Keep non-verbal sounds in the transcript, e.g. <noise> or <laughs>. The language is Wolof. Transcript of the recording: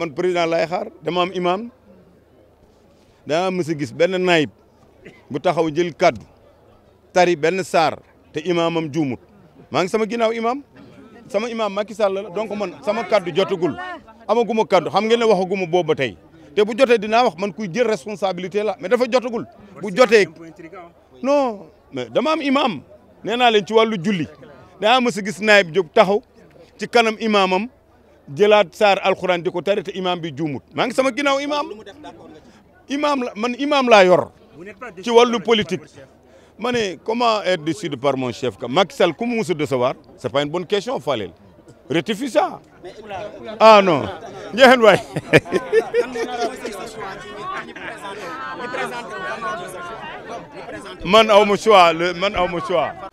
man président leher, xaar dama am imam da musikis a gis ben naib bu taxaw jël kaddu tari ben sar, te imamam djumut maa ngi sama ginaaw imam sama imam Macky Sall la donc man sama kaddu jotugul amaguma kaddu xam ngeen ne waxaguma bobu tay te bu joté dina wax man kuy jël responsabilité la mais dafa jotugul bu joté non mais dama am imam nee len ci walu julli da mës gis naib djog taxaw ci kanam imamam jëlaat saar la politique comment être décidé par mon chef ka Macky Sall ku c'est pas une bonne question Fallel ça ah non là. waay <laughs> man aw ma choix man aw choix